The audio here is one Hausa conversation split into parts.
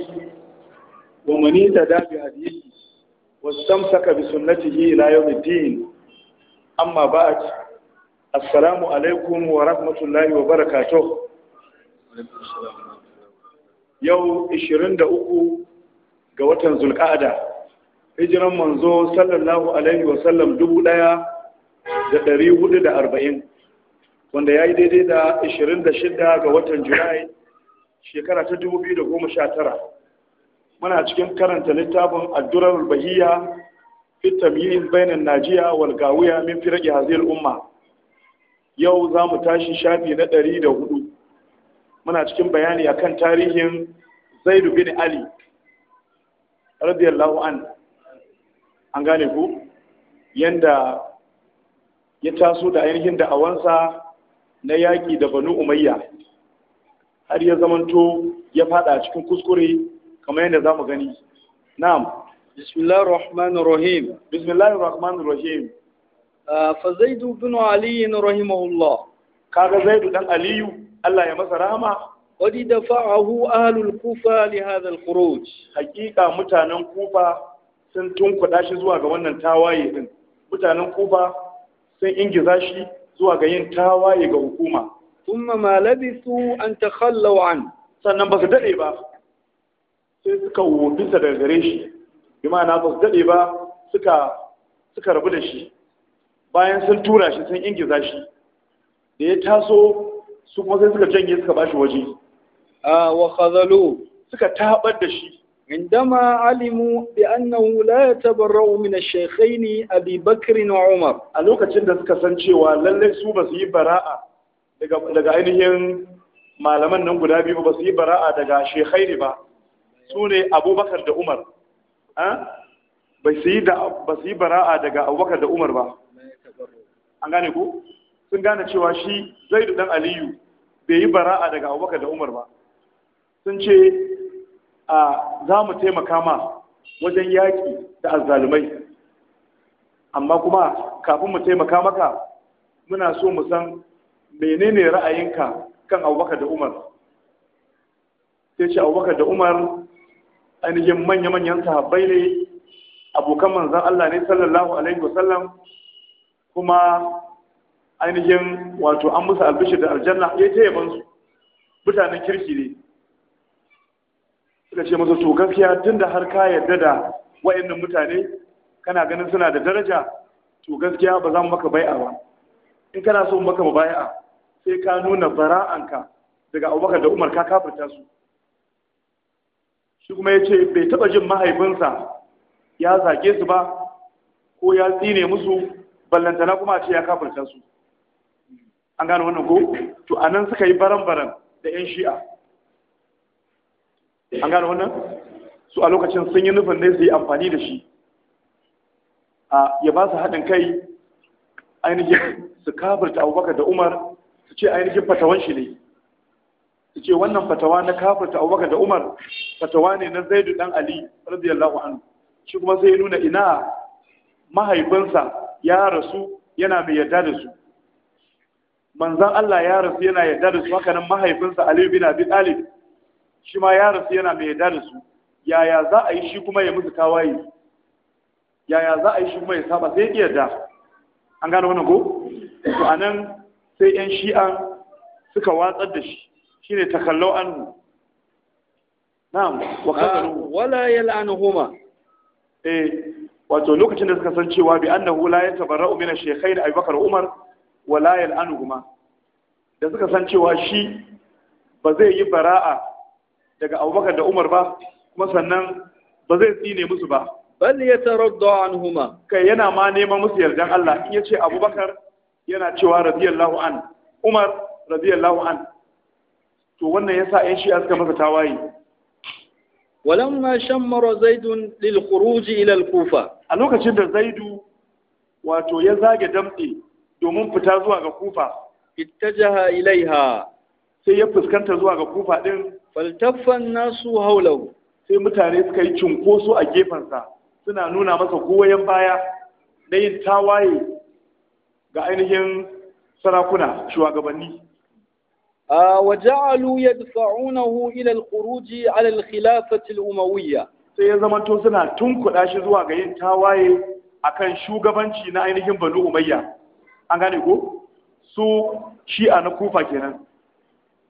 حقه ومن اهتدى بهديه واستمسك بسنته الى يوم الدين اما بعد السلام عليكم ورحمه الله وبركاته yau 23 ga watan Zulqa'ada, hijiran manzo sallallahu alaihi wasallam 1440 wanda ya yi daidai da 26 ga watan julai shekara ta sha tara. muna cikin karanta littafin addurar bahiya fi tamyiz bainan najiya wal gawiya min firqi hazil umma yau za mu tashi shafi na hudu. muna cikin bayani a kan tarihin Zaid bin Ali radiyallahu an an gane ku yanda ya taso da ainihin da da'awansa na yaki da Banu Umayya har ya zamanto ya fada cikin kuskure kamar yadda za mu gani na'am bismillahir rahmanir rahim bismillahir rahmanir rahim uh, fa zaid ibn ali rahimahullah kaga zaidu dan aliyu Allah ya masa rahama wadi dafa'ahu ahlul kufa li hadha al khuruj hakika mutanen kufa sun tunkuda shi zuwa ga wannan tawaye din mutanen kufa sun ingiza shi zuwa ga yin tawaye ga hukuma Kuma ma labisu an takhallaw an sannan ba su daɗe ba sai suka wofinsa daga gare shi bi ma'ana ba su daɗe ba suka suka rabu da shi bayan sun tura shi sun ingiza shi da ya taso su kuma sai suka janye suka ba shi waje wa khazalu suka taɓar da shi ya ne a bi لا يتبرأ من الشيخين أبي بكر وعمر ألوكا تشند سكسن شوى للي yi bara'a. daga ainihin malaman nan guda biyu ba su yi bara'a daga shekhairi ba su ne abubakar da umar ba su yi bara'a daga abubakar da umar ba an gane ku sun gane cewa shi zai dan aliyu bai yi bara'a daga abubakar da umar ba sun ce a za mu taimaka ma wajen yaƙi da azzalumai amma kuma kafin mu taimaka maka muna so mu san menene ra'ayinka kan abubakar da umar sai ce abubakar da umar ainihin manya-manyan sahabbai ne abokan manzan Allah ne sallallahu alaihi wasallam kuma ainihin wato an musu albishir da aljanna ya ce su. mutanen kirki ne suka ce masa to gaskiya tun da har ka yarda da wa'annan mutane kana ganin suna da daraja to gaskiya ba za mu maka bai'a ba in kana so maka bai'a sai ka nuna bara'anka daga abubakar da umar ka kafirta su shi kuma ya ce bai taɓa jin mahaifinsa ya zage su ba ko ya tsine musu ballantana kuma a ce ya kafirta su an gano wannan ko to a nan suka yi baran-baran da 'yan shi'a an gano wannan su a lokacin sun yi nufin ne su yi amfani da shi ya ba su haɗin kai ainihin su kafirta abubakar da umar su ce ainihin fatawan shi ne su ce wannan fatawa na ta abubakar da umar fatawa ne na zaidu dan ali radiyallahu anhu shi kuma sai nuna ina mahaifinsa ya rasu yana mai yarda da su manzan Allah ya rasu yana yarda da su haka nan mahaifinsa Aliyu bin Abi Talib shi ma ya rasu yana mai yarda da su yaya za a yi shi kuma ya musu tawaye yaya za a yi shi kuma ya saba sai ya yarda an gano wannan ko to anan sai 'yan shi'a suka watsar da shi shine takallau mu na'am wa ah, kadaru wala yal'anuhuma eh wato lokacin da suka san cewa bi annahu la yatabarra'u min ash-shaykhayn da Bakar Umar wa la yal'anuhuma da suka san cewa shi ba zai yi bara'a daga Abubakar da Umar ba kuma sannan ba zai tsine musu ba bal yataradda anhuma kai yana ma neman musu yardan Allah in yace Abubakar yana cewa radiyallahu an umar radiyallahu an to wannan yasa yan shi'a suka masa tawaye walamma shammara zaidun lil khuruj ila al kufa a lokacin da zaidu wato ya zage damɗe domin fita zuwa ga kufa ittajaha ilaiha sai ya fuskanta zuwa ga kufa din faltaffan nasu haulau. sai mutane suka yi cunkoso a gefensa suna nuna masa goyon baya na yin tawaye ga ainihin sarakuna shugabanni وجعلوا يدفعونه إلى الخروج على الخلافة الأموية sai ya zamanto suna tunkuɗa shi zuwa ga yin tawaye akan shugabanci na ainihin banu umayya an gane ko su shi'a na kufa kenan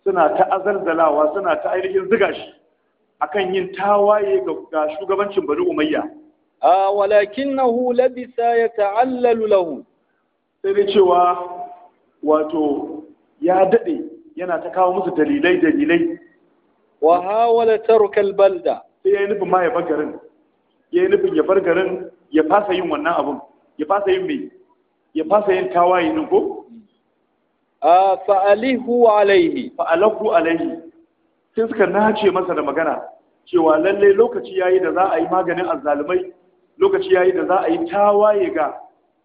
suna ta azalzalawa suna ta ainihin ziga shi akan yin tawaye ga shugabancin banu umayya a walakinahu labisa ya ta'allalu lahu sai dai cewa wato ya daɗe yana ta kawo musu dalilai dalilai wa hawala taruka albalda sai ya yi nufin ma ya bar garin ya yi nufin ya bar garin ya fasa yin wannan abun ya fasa yin mai ya fasa yin tawaye nan ko fa'alihu alaihi fa'alahu alaihi sai suka nace masa da magana cewa lallai lokaci yayi da za a yi maganin azzalumai lokaci yayi da za a yi tawaye ga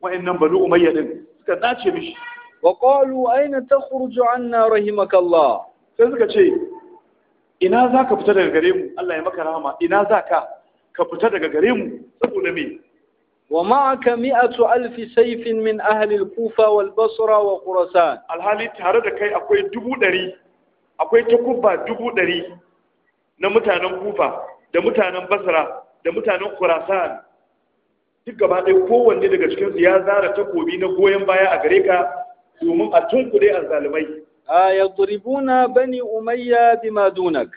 wa'annan banu umayya din suka nace mishi wa qalu aina takhruju anna rahimakallah sai suka ce ina zaka fita daga gare mu Allah ya maka rahama ina zaka ka fita daga gare mu saboda me wa ma'aka mi'atu alfi sayfin min ahli al-kufa wal basra wa khurasan alhali tare da kai akwai dubu ɗari akwai takubba dubu ɗari na mutanen kufa da mutanen basra da mutanen khurasan duk gaba ɗaya kowanne daga cikin su ya zara takobi na goyon baya a gare ka domin a tunkuɗe azzalumai a yadribuna bani umayya bi dunak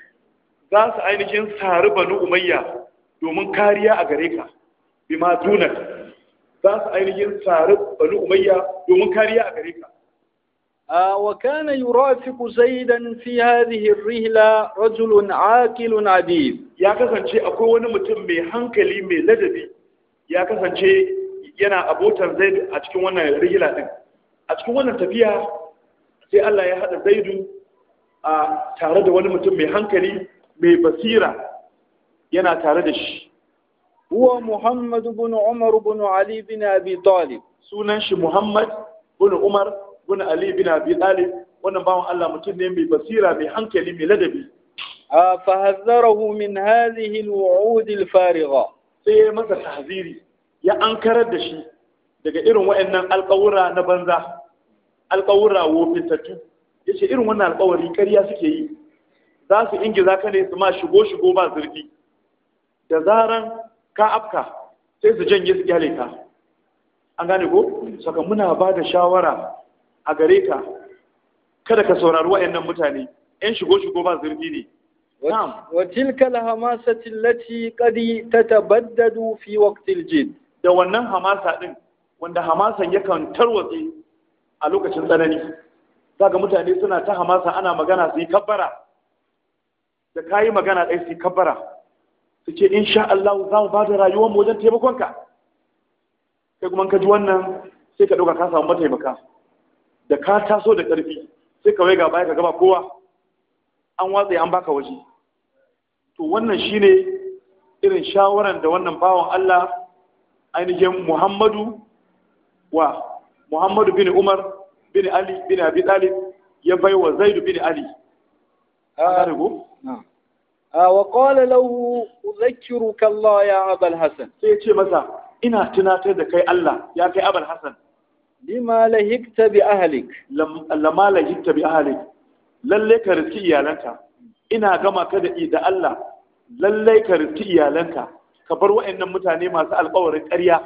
za su ainihin sari bani umayya domin kariya a gare ka bi dunak za su ainihin sari bani umayya domin kariya a gare ka A وكان da nufi في هذه الرحلة rajulun عاقل عديد Ya kasance akwai wani mutum mai hankali mai ladabi ya kasance yana abotar zaidu a cikin wannan rigila din a cikin wannan tafiya sai Allah ya haɗa zaidu a tare da wani mutum mai hankali mai basira yana tare da shi huwa Muhammadu bin Umar bin Ali bin Abi Talib sunan shi Muhammad bin Umar bin Ali bin Abi Talib wannan bawan Allah mutum ne mai basira mai hankali mai ladabi fa hazzarahu min hadhihi al-wu'ud al sai ya masa tahziri ya ankarar da shi daga irin wa'annan alƙawura na banza alƙawura wofintattu ya ce irin wannan alƙawari ƙarya suke yi za su ingiza ka ne su ma shigo shigo ba zurfi da zaran ka afka sai su janye su gyale ka an gane ko saka muna ba da shawara a gare ka kada ka saurari wa'annan mutane 'yan shigo shigo ba zurfi ne نعم وتلك الهماسة التي قد تتبدد في وقت الجد da wannan hamasa din wanda hamasan yakan tarwatse a lokacin tsanani zaga mutane suna ta hamasa ana magana su yi kabbara da kayi magana ɗaya su yi kabbara su ce insha Allah za mu bada rayuwar mu wajen taimakonka sai kuma ka ji wannan sai ka ɗauka ka samu mataimaka da ka taso da ƙarfi sai ka waiga baya ka gaba kowa an watse an baka waje to wannan shine irin shawaran da wannan bawan Allah ainihin Muhammadu wa Muhammadu bin Umar bin Ali bin Abi Talib ya bai wa Zaid bin Ali ah, ah, A qala lahu udhakkiruka Allah ya abal Hassan. sai ya ce masa ina tunatar da kai Allah ya kai abal Hassan. lima lahikta bi ahlik lama lahikta bi ahlik lalle ka riski iyalanta. ina gama ka da da Allah lallai ka rufi iyalanka ka bar wa'annan mutane masu alƙawarin ƙarya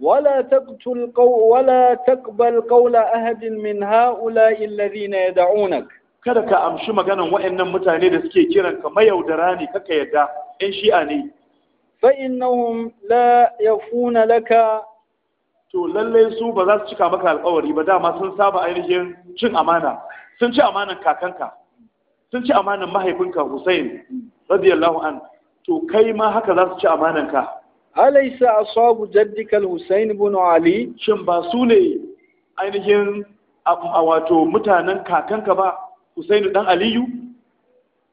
Wala taqtul قو ولا تقبل قول أحد من هؤلاء الذين kada ka amshi maganan wa'annan mutane da suke kiran ka mayaudara ne kaka yadda in shi'a ne fa innahum la yafuna laka to lalle su ba za su cika maka alƙawari ba dama sun saba ainihin cin amana sun ci amanan kakanka sun ci amanan mahaifinka Hussein radiyallahu an to kai ma haka za su ci amananka alaysa asabu jaddikal al ibn Ali shin ba su ne ainihin a wato mutanen kakanka ba Husain dan Aliyu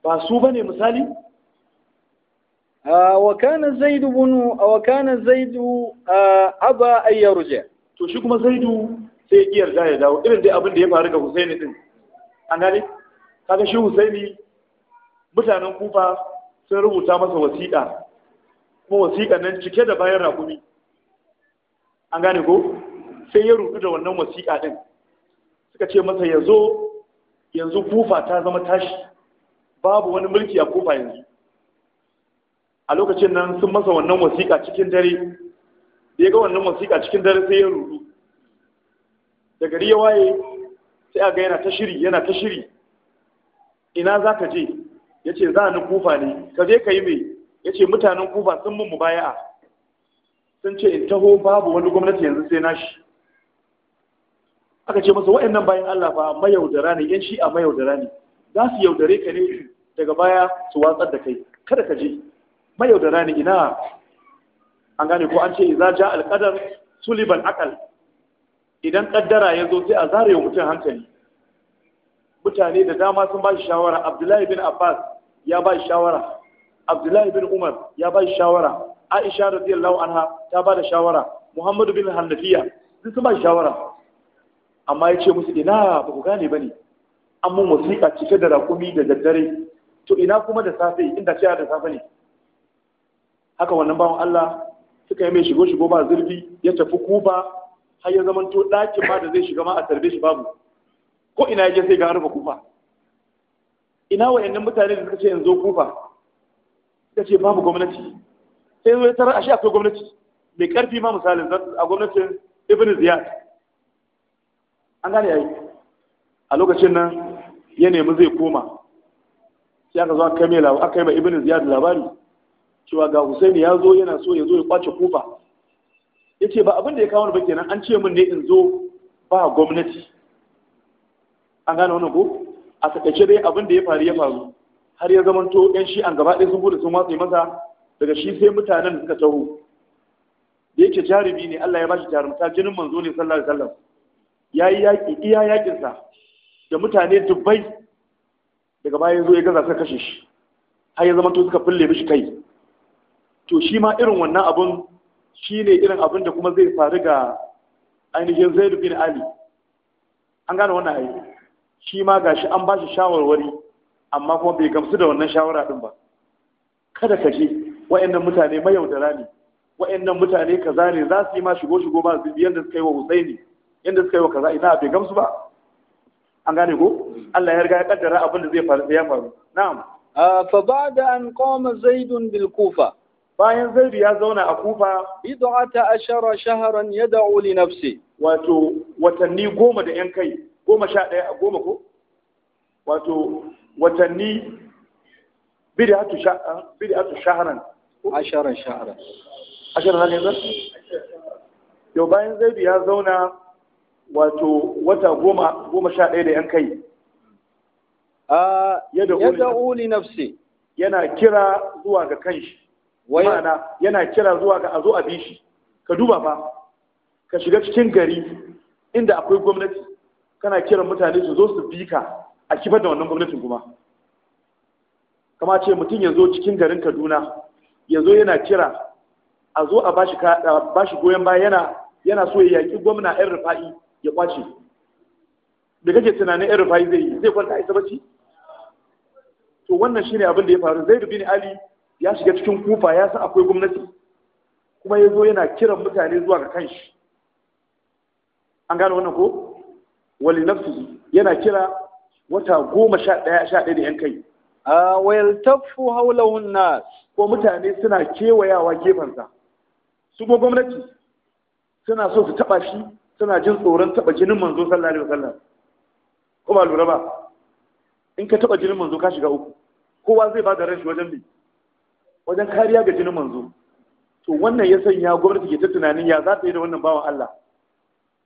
ba su bane misali wa kana Zaid ibn wa kana Zaid aba ay yarja to shi kuma Zaidu sai iyar da ya dawo irin dai abin da ya faru ga Husaini din an gane kaga shi Husaini mutanen Kufa sun rubuta masa wasiƙa kuma wasiƙa nan cike da bayan rakumi an gane ko sai ya rubu da wannan wasiƙa din suka ce masa ya zo yanzu kufa ta zama tashi babu wani mulki a kufa yanzu a lokacin nan sun masa wannan wasiƙa cikin dare Da ya ga wannan wasiƙa cikin dare sai ya rudu da gari ya waye sai a ga yana ta shiri yana ta shiri ina za ka je ya ce za ni kufa ne ka je ka yi mai ya ce mutanen kufa sun mun baya. sun ce in taho babu wani gwamnati yanzu sai nashi aka ce masa wa'annan bayan Allah a mayaudara ne yan shi'a mayaudara ne za su yaudare ka ne daga baya su watsar da kai kada ka je mayaudara ne ina an gane ko an ce za ja al tuliban suliban idan kaddara ya zo sai a zare mutum hankali mutane da dama sun ba shi shawara abdullahi bin abbas ya ba shi shawara abdullahi bin umar ya ba shi shawara aisha radiyallahu anha ta ba da shawara muhammadu bin hannafiya sun sun ba shi shawara amma ya ce musu ina ba ku gane ba ne an mun wasiƙa cike da raƙumi da daddare to ina kuma da safe inda ce da safe ne haka wannan bawan allah suka yi mai shigo shigo ba zurfi ya tafi kuba har ya zamanto ɗakin ba da zai shiga ma a tarbe shi babu ko ina yake sai ga harba kufa ina wayannan mutane da suka ce yanzu kufa suka ce babu gwamnati sai yanzu ya tarar ashe akwai gwamnati mai karfi ma misalin a gwamnatin ibn ziyad an gane yayi a lokacin nan ya nemi zai koma sai aka zo aka kai mai aka yi ma ibn ziyad labari cewa ga Husaini ya zo yana so ya zo ya kwace kufa ya ce ba abin da ya kawo ba kenan an ce min ne in zo ba gwamnati an gane wannan ko a takaice dai abin da ya faru ya faru har ya zama to yan shi an gaba ɗaya sun gudu sun watsa masa daga shi sai mutanen suka taho da yake jarumi ne Allah ya bashi jarumta jinin manzo ne sallallahu alaihi wasallam yayi yaki iya yakin sa da mutane dubbai daga baya zo ya gaza suka kashe shi har ya zama to suka fulle mishi kai to shi ma irin wannan abun shi ne irin abin da kuma zai faru ga ainihin Zaid bin ali an gane wannan ayi shi ma gashi an ba shi shawarwari amma kuma bai gamsu da wannan shawara din ba kada ka je wa'annan mutane mayaudara ne wa'annan mutane kaza ne za su yi ma shigo shigo ba su yanda suka yi wa Husaini yanda suka yi wa kaza ina bai gamsu ba an gane ko Allah ya riga ya kaddara abin da zai faru ya faru na'am fa ba'da an qama zaidun bil kufa bayan zaidu ya zauna a kufa bid'ata ashara shahran yad'u li nafsi wato watanni goma da yan kai goma sha ɗaya a goma ko wato watanni bid'atu ah, shaharan asharan shaharan asharan haka yanzu yau bayan zaidu ya zauna wato wata goma goma sha ɗaya da yan kai ah, yadda uli nafsi yana kira zuwa ga kanshi ma'ana yana kira zuwa ga a zo a bi shi ka duba ba ka shiga cikin gari inda akwai gwamnati kana kiran mutane su zo su bi ka a kifar da wannan gwamnatin kuma kama ce mutum ya zo cikin garin kaduna ya yana kira a zo a bashi goyon baya yana yana so ya yaƙi gwamna yan rufa'i ya kwace da kake tunanin yan rufa'i zai yi zai kwanta isa bacci to wannan shine abin da ya faru zai bin ali ya shiga cikin kufa ya sa akwai gwamnati kuma ya zo yana kiran mutane zuwa ga kanshi an gane wannan ko wali nafsihi yana kira wata goma sha ɗaya sha ɗaya da yan kai a wayar tafu haulahun nas ko mutane suna kewayawa gefensa su ko gwamnati suna so su taɓa shi suna jin tsoron taɓa jinin manzo sallallahu alaihi wasallam ko ba lura ba in ka taɓa jinin manzo ka shiga uku kowa zai ba da shi wajen bi wajen kariya ga jinin manzo to wannan ya sanya gwamnati ke ta tunanin ya za ta yi da wannan bawan Allah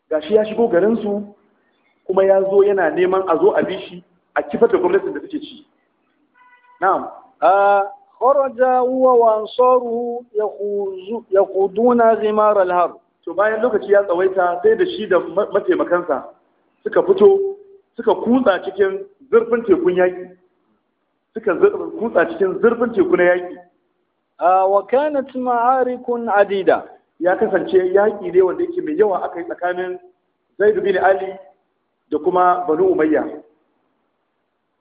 gashi ya shigo garinsu kuma ya zo yana neman a zo a bi shi a kifar da gwamnatin da suke ci na'am kharaja huwa wa ansaruhu yaquduna na al-har to bayan lokaci ya tsawaita sai da shi da mataimakansa suka fito suka kutsa cikin zurfin tekun yaki suka kutsa cikin zurfin teku na yaki wa kanat ma'arikun adida ya kasance yaki ne wanda yake mai yawa aka yi tsakanin Zaid bin Ali da kuma banu umayya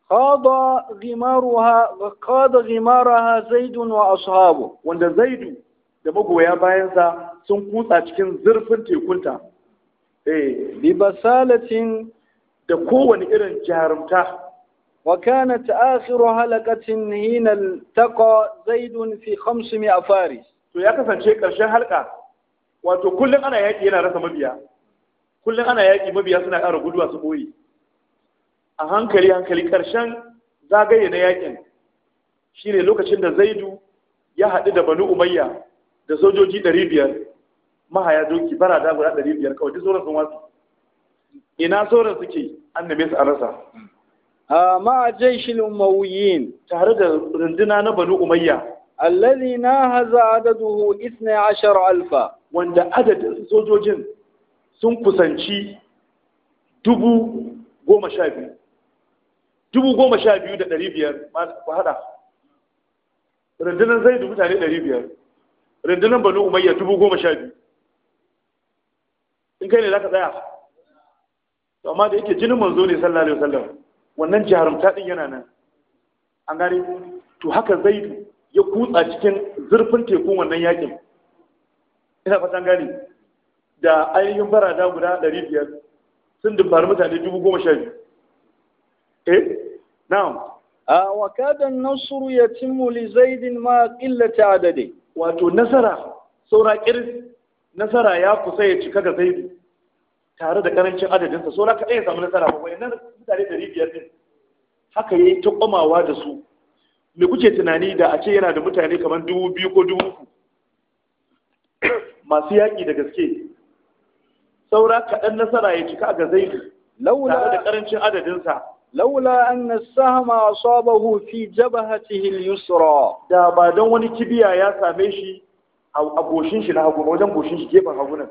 qada ghimaruha qada ghimaraha zaid wa ashabu wanda Zaidu da magoya bayansa sun kutsa cikin zurfin tekunta eh bi basalatin da kowane irin jarumta وكانت آخر حلقة حين التقى زيد في 500 فارس to ya kasance ƙarshen halka wato kullum ana yaƙi yana rasa mabiya kullum ana yaƙi mabiya suna ƙara guduwa su ɓoye a hankali hankali ƙarshen zagaye na yaƙin shine lokacin da zaidu ya haɗu da banu umayya da sojoji ɗari biyar mahaya doki barada guda ɗari biyar kawai duk sauran sun wasu ina sauran suke an neme su a rasa ma jaishil umayyin tare da runduna na banu umayya allazi na haza adaduhu 12000 wanda adadin sojojin sun kusanci dubu goma sha biyu dubu goma sha biyu da ɗari biyar ku haɗa rundunar zai da mutane ɗari biyar rundunar banu umayya dubu goma sha biyu in kai ne za ka tsaya amma da yake jinin manzo ne sallallahu alaihi wasallam wannan jarumta din yana nan an gane to haka zaidu ya kutsa cikin zurfin tekun wannan yakin ina fatan gane da ainihin barada guda ɗari biyar sun dubbar mutane dubu goma sha eh na'am a wakadan nasru ya li zaidin ma qillati adade wato nasara saura nasara ya kusa ya cika ga zaidu tare da karancin adadinsa saura kaɗai ya samu nasara ba wayannan mutane ɗari biyar din haka ya yi ta komawa da su me kuke tunani da a ce yana da mutane kamar dubu biyu ko dubu uku masu yaƙi da gaske saura kaɗan nasara ya cika ga zaidu laula da ƙarancin adadinsa laula anna sahma asabahu fi jabhatihi al-yusra da ba don wani kibiya ya same shi a goshin shi na hagu wajen goshin shi gefen hagu nan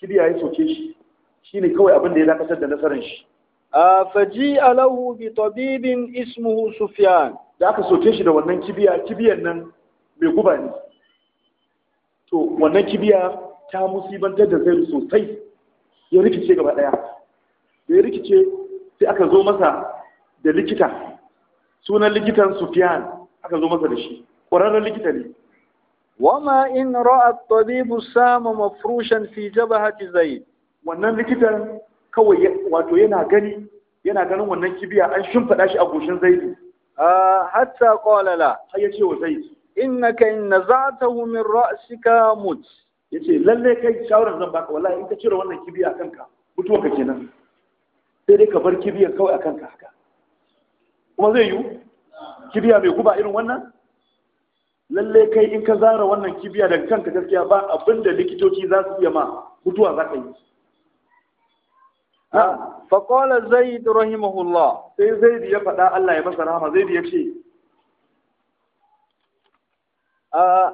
kibiya ya soke shi shine kawai abin da ya dakatar da nasarar shi A faji alahu bi tabibin ismuhu sufyan da aka soke shi da wannan kibiya kibiyan nan mai guba ne to wannan kibiya ta musibantar da zai sosai ya rikice gaba ɗaya da ya rikice sai aka zo masa da likita sunan likitan sufiyan aka zo masa da shi ƙwararren likita ne wama in ra'at tabibu sama mafrushan fi jabhati zaid wannan likitan kawai wato yana gani yana ganin wannan kibiya an shimfiɗa shi a goshin zaidi hatta qala la har yace wa zaid innaka in nazatahu min ra'sika mut ya ce lalle kai shawarar zan baka wallahi in ka cire wannan kibiya a kanka ka kenan sai dai ka bar kibiyar kawai a kanka haka kuma zai yiwu kibiya mai guba irin wannan lalle kai in ka zara wannan kibiya daga kanka gaskiya ba abin da likitoci za su iya ma mutuwa za ka yi qala zaid rahimahullah sai zaid ya faɗa Allah ya masa rahama zaid ya ce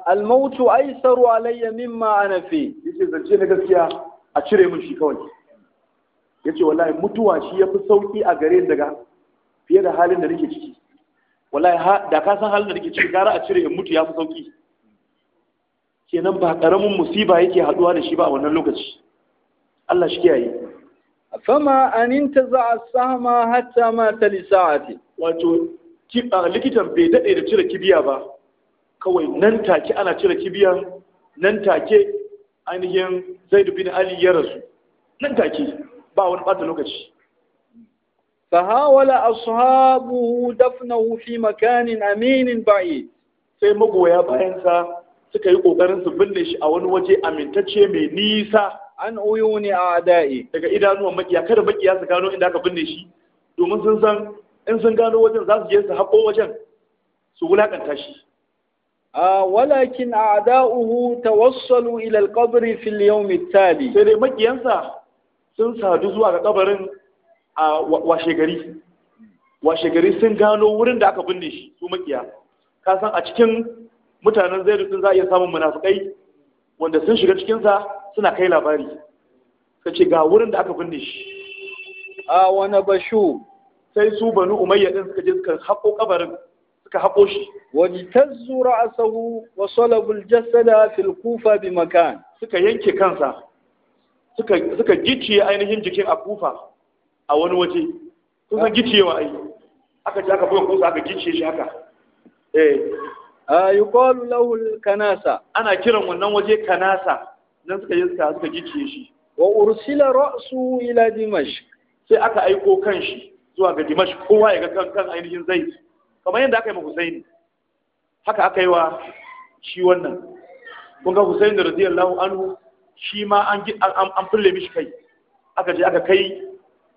almautu saru alayya mimma ana fi yace zance na gaskiya a cire min shi kawai yace wallahi mutuwa shi yafi sauki a gare daga fiye da halin da nake ciki wallahi da ka san halin da nake ciki gara a cire in mutu yafi sauki kenan ba karamin musiba yake haduwa da shi ba a wannan lokaci Allah shi kiyaye fama an intaza sama hatta ma tali sa'ati wato likitan bai dade da cire kibiya ba kawai nan take ana cire kibiyan nan take ainihin dubi na ali ya rasu nan take ba wani ɓata lokaci su haɓu dafna في makanin aminin ba'i sai magoya bayansa suka yi ƙoƙarin su binne shi a wani waje amintacce mai nisa an oyo ne a da'i daga idanuwan makiya kada makiya su gano inda aka binne shi domin sun san in sun gano wajen za su je su haƙo wajen su wulaƙanta shi Ah, walakin a'da'uhu توصلوا ila القبر في اليوم التالي. yawm al-tali sai dai makiyansa sun sadu zuwa ga kabarin a sun gano wurin da aka binne shi ka san a cikin mutanen zaidu sun za a iya samun munafikai wanda sun shiga cikinsa suna kai labari ka ga wurin da aka binne shi a ah, wani bashu sai su banu umayya suka je suka haƙo kabarin suka haƙo shi wani a sahu wa salabul jasada fil kufa bi makan suka yanke kansa suka gicciye ainihin jikin a kufa a wani waje Sun san wa ainihin. aka ce aka buga kusa aka gicciye shi haka eh a yuqalu lahul kanasa ana kiran wannan waje kanasa nan suka yi suka gicciye shi wa ursila ra'su ila dimash. sai aka aiko kan shi zuwa ga Dimash kowa ya ga kan kan ainihin zai kamar yadda aka yi ma Husaini haka aka yi wa shi wannan kun ga Husaini radiyallahu anhu shi ma an an fulle mishi kai aka je aka kai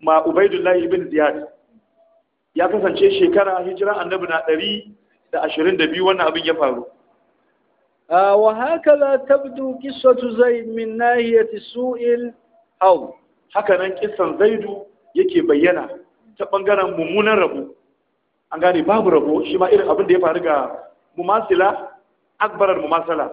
ma Ubaidullahi ibn Ziyad ya kasance shekara hijira annabi na ɗari da ashirin da biyu wannan abin ya faru ah, wa hakaza tabdu qissatu zaid min nahiyati su'il aw haka nan kissan zaidu yake bayyana ta bangaren mummunan rabo. an gane babu rabo shi ma irin abin da ya faru ga mumasila akbarar mumasala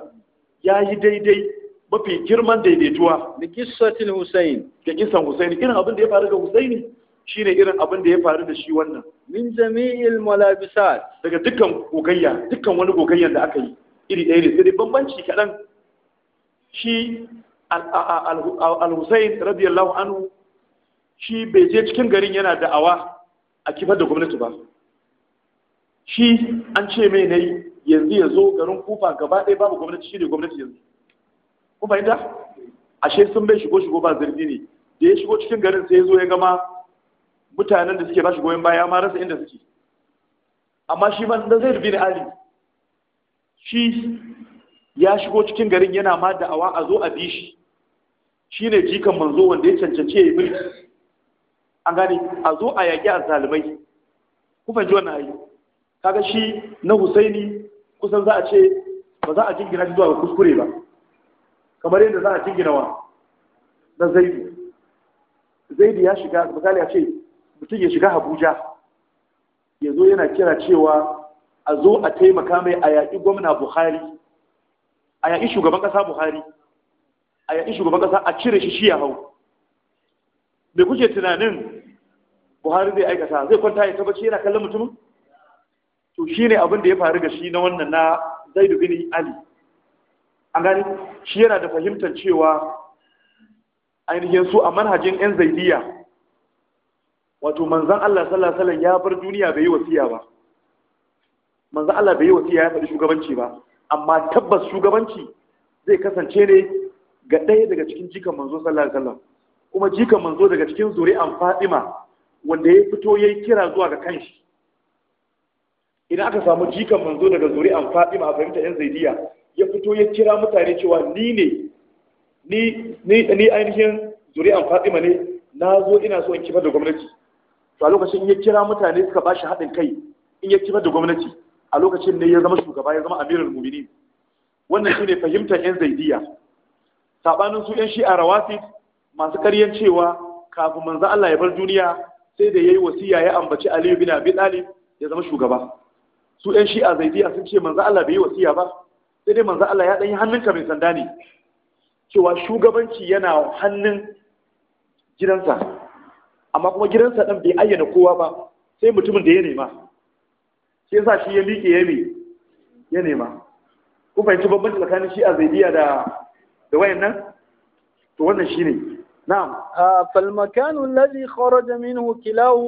ya yi daidai mafi girman daidaituwa da kissatin Hussein da kisan Hussein irin abin da ya faru ga Hussein shine irin abin da ya faru da shi wannan min jami'il malabisat daga dukkan gogayya dukkan wani gogayyan da aka yi iri ɗaya ne sai bambanci kaɗan shi al radiyallahu anhu shi bai je cikin garin yana da'awa a kifar da gwamnati ba shi an ce mai na yi yanzu ya zo garin kufa gaba ɗaya babu gwamnati shi ne gwamnati yanzu ku fahimta ashe sun bai shigo shigo ba zargi ne da ya shigo cikin garin sai ya zo ya gama mutanen da suke ba shi goyon baya ma rasa inda suke amma shi man da zai bin ali shi ya shigo cikin garin yana ma da'awa a zo a bi shi shi ne jikan manzo wanda ya cancanci ya yi mulki an gane a zo a yaƙi a zalimai ku ji wannan ayi kaga shi na husaini kusan za a ce ba za a jingina shi zuwa kuskure ba kamar yadda za a jingina wa na zaidu zaidu ya shiga misali a ce mutum ya shiga abuja ya zo yana kira cewa a zo a taimaka mai a yaƙi gwamna buhari a yaƙi shugaban ƙasa buhari a yaƙi shugaban ƙasa a cire shi shi ya hau me kuke tunanin buhari zai aikata zai kwanta ya tabbaci yana kallon mutumin to ne abin da ya faru ga shi na wannan na Zaidu bin Ali an gani shi yana da fahimtar cewa ainihin su a manhajin yan zaidiya wato manzan Allah sallallahu ya bar duniya bai yi wasiya ba Manzan Allah bai yi wasiya ya faɗi shugabanci ba amma tabbas shugabanci zai kasance ne ga ɗaya daga cikin jikan manzo sallallahu kuma jikan manzo daga cikin zuri'an fadima wanda ya fito yi kira zuwa ga kanshi Ina aka samu jikan manzo daga zuri'an Fatima a fahimta yan Zaidiya ya fito ya kira mutane cewa ni ne ni ni ainihin zuri'an Fatima ne na zo ina so in kifar da gwamnati to a lokacin ya kira mutane suka ba shi haɗin kai in ya kifar da gwamnati a lokacin ne ya zama shugaba ya zama amirul mu'minin wannan shine fahimtar yan Zaidiya sabanin su yan Shi'a Rawafid masu karyan cewa kafin manzo Allah ya bar duniya sai da yayi wasiya ya ambaci Aliyu bin Abi Talib ya zama shugaba su ɗan shi'a zaidiya sun ce manzo Allah bai yi wasiya ba sai dai manzo Allah ya ɗan yi hannunka mai sanda ne cewa shugabanci yana hannun gidansa amma kuma gidansa ɗan bai ayyana kowa ba sai mutumin da ya nema shi yasa shi ya miƙe ya ya nema ku fahimci bambanci tsakanin shi'a zaidiya da da wayannan to wannan shine na'am fal makanu alladhi kharaja minhu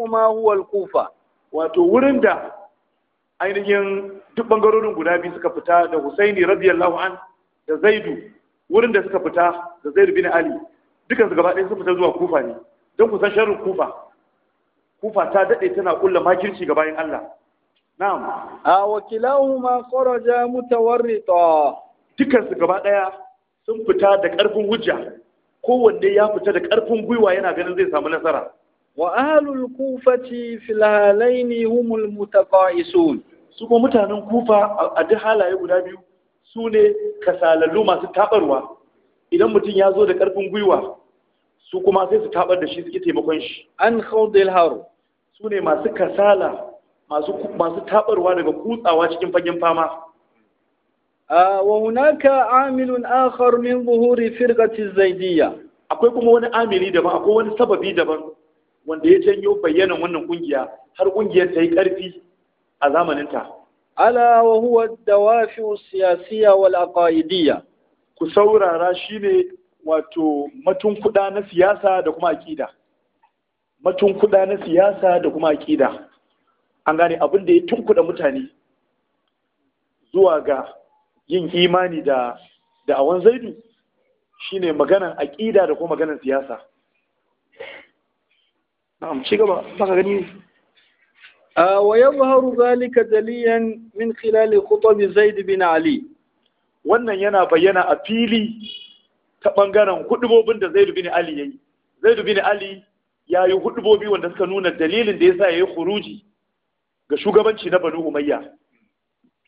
ma huwa al-kufa wato wurin da ainihin duk bangarorin guda biyu suka fita da Husaini radiyallahu an da Zaidu wurin da suka fita da Zaidu bin Ali dukan su gaba ɗaya sun fita zuwa Kufa ne don kusan sharrin Kufa Kufa ta dade tana kulla makirci ga bayan Allah na'am a ma kharaja mutawarrita dukan su gaba ɗaya sun fita da ƙarfin hujja kowanne ya fita da ƙarfin gwiwa yana ganin zai samu nasara wa ahlul kufati fil halaini humul mutaqaisun su kuma mutanen kufa a duk halaye guda biyu su ne kasalallu masu taɓarwa. idan mutum ya zo da ƙarfin gwiwa su kuma sai su taɓar da shi suke taimakon shi an khawdil haru su ne masu kasala masu masu daga kutsawa cikin fagen fama wa hunaka amilun akhar min zuhuri firqati zaidiyya akwai kuma wani amili daban akwai wani sababi daban wanda ya janyo bayyanan wannan kungiya har kungiyar ta yi ƙarfi a zamaninta ala wa huwa dawafi siyasiya wal aqaidiyya ku saurara shi ne wato matun kuɗa na siyasa da kuma aƙida, matun kuɗa na siyasa da kuma aƙida. an gane abin da ya kuɗa mutane zuwa ga yin imani da da'awan zaidu shi ne maganan aƙida da kuma maganan siyasa na'am ci gaba baka gani ويظهر ذلك جليا من خلال خطب زيد بن علي wannan yana bayyana a fili ta ɓangaren hudubobin da Zaid bin Ali yayi Zaid bin Ali ya yi hudubobi wanda suka nuna dalilin da ya sa ya yi khuruji ga shugabanci na Banu Umayya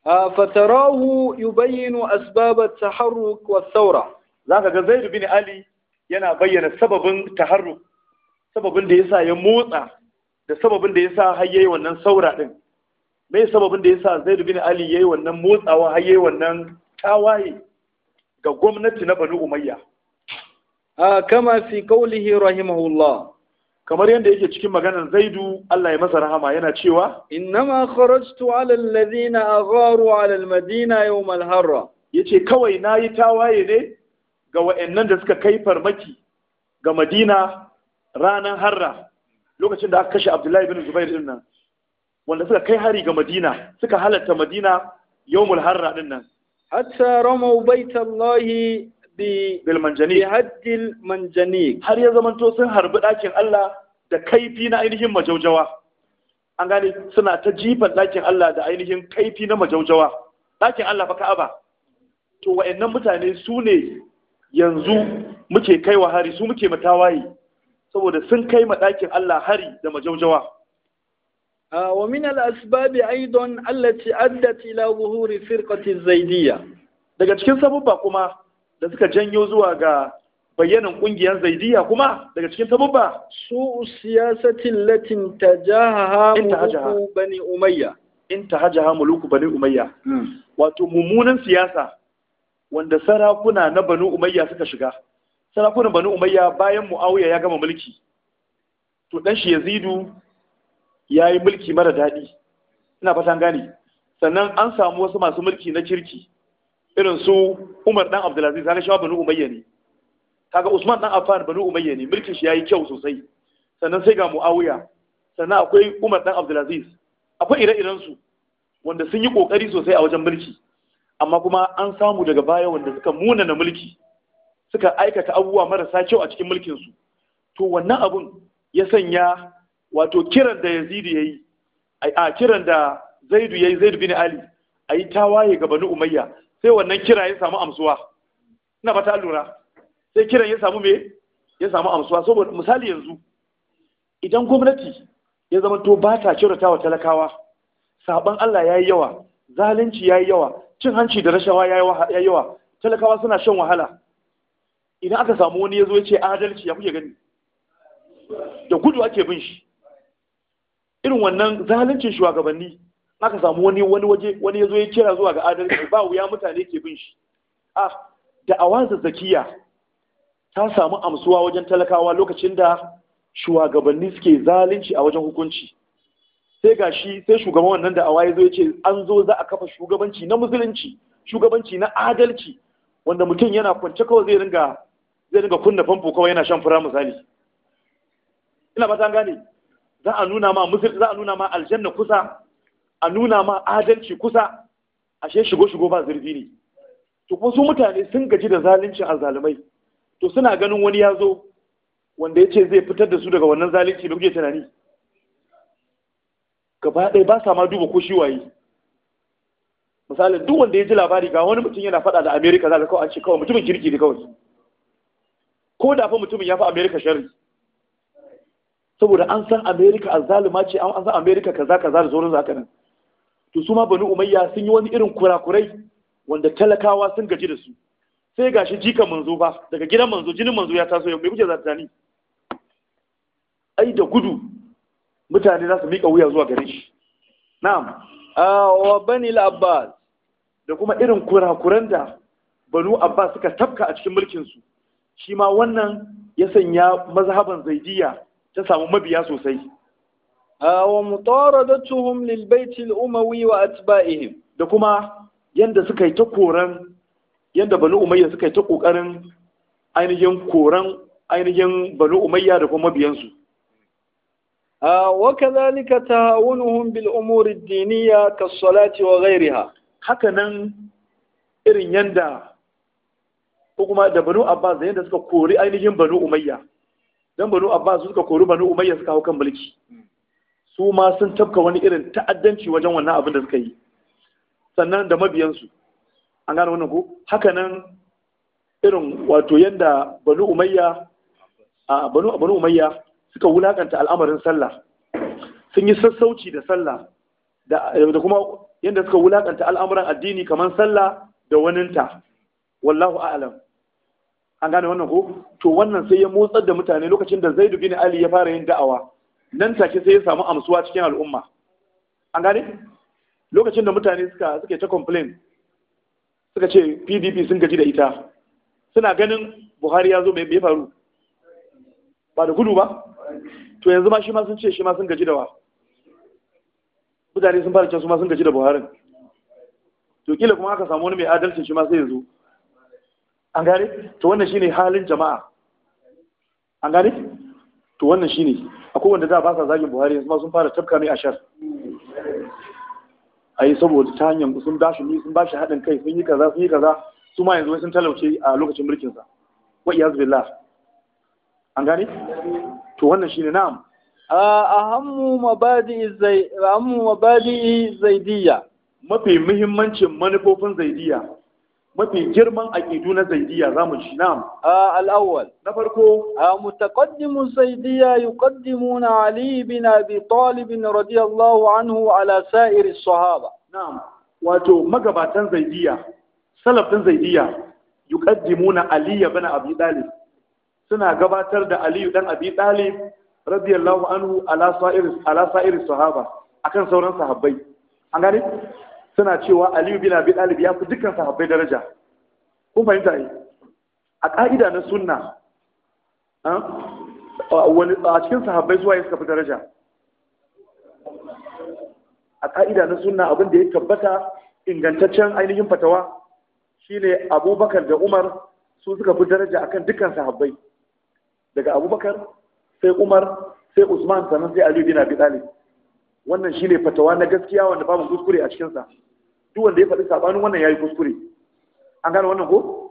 A fatarahu yubayyinu asbab at-taharruk saura. Za ka ga Zaid bin Ali yana bayyana sababin taharruk sababin da ya sa ya motsa da sababin da ya har yayi wannan saura din mai sababin da ya sa Zaidu bin Ali yayi wannan motsawa har yayi wannan tawaye ga gwamnati na Banu Umayya kama fi qawlihi rahimahullah kamar yadda yake cikin maganar Zaidu Allah ya masa rahama yana cewa ma kharajtu ala alladhina agharu ala almadina yawm alharra yace kawai nayi tawaye ne ga wayannan da suka kai farmaki ga Madina ranan harra lokacin da aka kashe abdullahi bin zubair din nan wanda suka kai hari ga madina suka halarta madina yawmul harra din nan hatta ramu baitallahi bi bil manjani bi haddil manjani har ya zamanto sun harbi dakin Allah da kaifi na ainihin majaujawa an gane suna ta jifan dakin Allah da ainihin kaifi na majaujawa dakin Allah fa Ka'aba to wayannan mutane su ne yanzu muke kaiwa hari su muke matawaye saboda sun kai ma ɗakin Allah hari da majaujawa ah, wa min al-asbab aidan allati addat ila zuhuri firqati zaidiyya daga cikin sabubba kuma da suka janyo zuwa ga bayyanin kungiyar zaidiyya kuma daga cikin sabubba su siyasatin latin tajahaha bani umayya in hajaha muluku bani umayya hmm. wato mummunan siyasa wanda sarakuna na bani umayya suka shiga sarakunan banu umayya bayan muawiya ya gama mulki to dan shi yazidu ya yi mulki mara daɗi ina fatan gane sannan an samu wasu masu mulki na kirki irin su umar dan abdulaziz kaga shawa banu umayya ne kaga usman dan affan banu umayya ne mulkin shi yayi kyau sosai sannan sai ga muawiya sannan akwai umar dan abdulaziz akwai ire-iren su wanda sun yi kokari sosai a wajen mulki amma kuma an samu daga baya wanda suka munana mulki suka aikata abubuwa marasa kyau a cikin mulkinsu to wannan abun ya sanya wato kiran da yazidu ya yi a kiran da zaidu ya yi zaidu bin ali a yi tawaye ga banu umayya sai wannan kira ya samu amsuwa ina ba ta lura sai kiran ya samu me ya samu amsuwa saboda misali yanzu idan gwamnati ya zama to ba ta wa talakawa saban Allah ya yi yawa zalunci ya yi yawa cin hanci da rashawa ya yi yawa talakawa suna shan wahala idan aka samu wani ya zo ya ce adalci ya kuke gani da gudu ake bin shi irin wannan zaluncin shugabanni aka samu wani wani waje wani ya zo ya kira zuwa ga adalci ba wuya mutane ke bin shi a ah, da awansa zakiya ta samu amsuwa wajen talakawa lokacin da shugabanni suke zalunci a wajen hukunci sai ga shi sai shugaban wannan da awa ya zo ya ce an zo za a kafa shugabanci na musulunci shugabanci na adalci wanda mutum yana kwance kawai zai ringa zai dinga kunna famfo kawai yana shan fura misali ina ba gane za a nuna ma musul za a nuna ma aljanna kusa a nuna ma adalci kusa ashe shigo shigo ba zurfi ne to kuma su mutane sun gaji da zaluncin azzalumai to suna ganin wani ya zo wanda ya ce zai fitar da su daga wannan zalunci da kuke tunani gaba ɗaya ba sa ma duba ko shi waye misali duk wanda ya ji labari ga wani mutum yana faɗa da amerika za ka kawai a ce kawai mutumin kirki da kawai ko da fa mutumin ya fi america sharri saboda an san america azzaluma ce an san america kaza kaza da sauran zaka nan to su ma banu umayya sun yi wani irin kurakurai wanda talakawa sun gaji da su sai gashi jika manzo ba daga gidan manzo jinin manzo ya taso mai kuke ni ai da gudu mutane za su miƙa wuya zuwa gare shi na'am wa bani abbas da kuma irin kurakuran da banu abbas suka tafka a cikin mulkin su shi ma wannan ya sanya mazhaban zaidiya ta samu mabiya sosai wa mutaradatuhum lil bait al umawi wa atba'ihim da kuma yanda suka yi ta koran yanda banu umayya suka yi ta kokarin ainihin koran ainihin banu umayya da kuma mabiyansu diniyya تهاونهم salati wa ghayriha Haka nan, irin yanda ko kuma da banu abbas da yadda suka kori ainihin banu umayya dan banu abbas suka kori banu umayya suka hau kan mulki su ma sun tabka wani irin ta'addanci wajen wannan abin da suka yi sannan da mabiyansu an gane wannan ko haka nan irin wato yadda banu umayya a banu banu umayya suka wulakanta al'amarin sallah sun yi sassauci da sallah da kuma yadda suka wulakanta al'amuran addini kamar sallah da waninta wallahu a'lam an gane wannan ko to wannan sai ya motsar da mutane lokacin da zaidu bin ali ya fara yin da'awa nan take sai ya samu amsuwa cikin al'umma an gane lokacin da mutane suka suke ta complain suka ce pdp sun gaji da ita suna ganin buhari ya zo mai faru ba da gudu ba to yanzu ma shi ma sun ce shi ma sun gaji da wa mutane sun fara cewa su ma sun gaji da buharin to kila kuma aka samu wani mai adalci shi ma sai ya zo an gane to wannan shine halin jama'a an gane to wannan shine akwai wanda da ba sa zagin buhari yanzu ma sun fara tafka mai ashar yi saboda ta hanyar sun dashi ni sun bashi haɗin kai sun yi kaza sun yi kaza su ma yanzu sun talauce a lokacin mulkin sa wa iyaz billah an gane to wannan shine na'am ahammu mabadi zai ahammu mabadi zaidiyya mafi muhimmancin manufofin zaidiyya mafi girman aƙidu na zaidiya za mu ci na'am al al'awwal. na farko A mutaqaddimu zaidiya yuqaddimuna ali bin abi talib radiyallahu anhu ala sa'iri sahaba na'am wato magabatan zaidiya salafin zaidiya yuqaddimuna ali bin abi talib suna gabatar da ali dan abi talib radiyallahu anhu ala sa'iri ala sa'iri sahaba akan sauran sahabbai an gane suna cewa aliyu bin abi dalib ya fi dukkan sahabbai daraja kun fahimta yi a ƙa'ida na sunna a cikin sahabbai zuwa ya suka fi daraja a ƙa'ida na sunna abin da ya tabbata ingantaccen ainihin fatawa shine abubakar da umar su suka fi daraja akan dukkan sahabbai daga abubakar sai umar sai usman sannan sai aliyu bin abi dalib wannan shine fatawa na gaskiya wanda babu kuskure a cikinsa duk wanda ya faɗi sabanin wannan yayi kuskure an gane wannan ko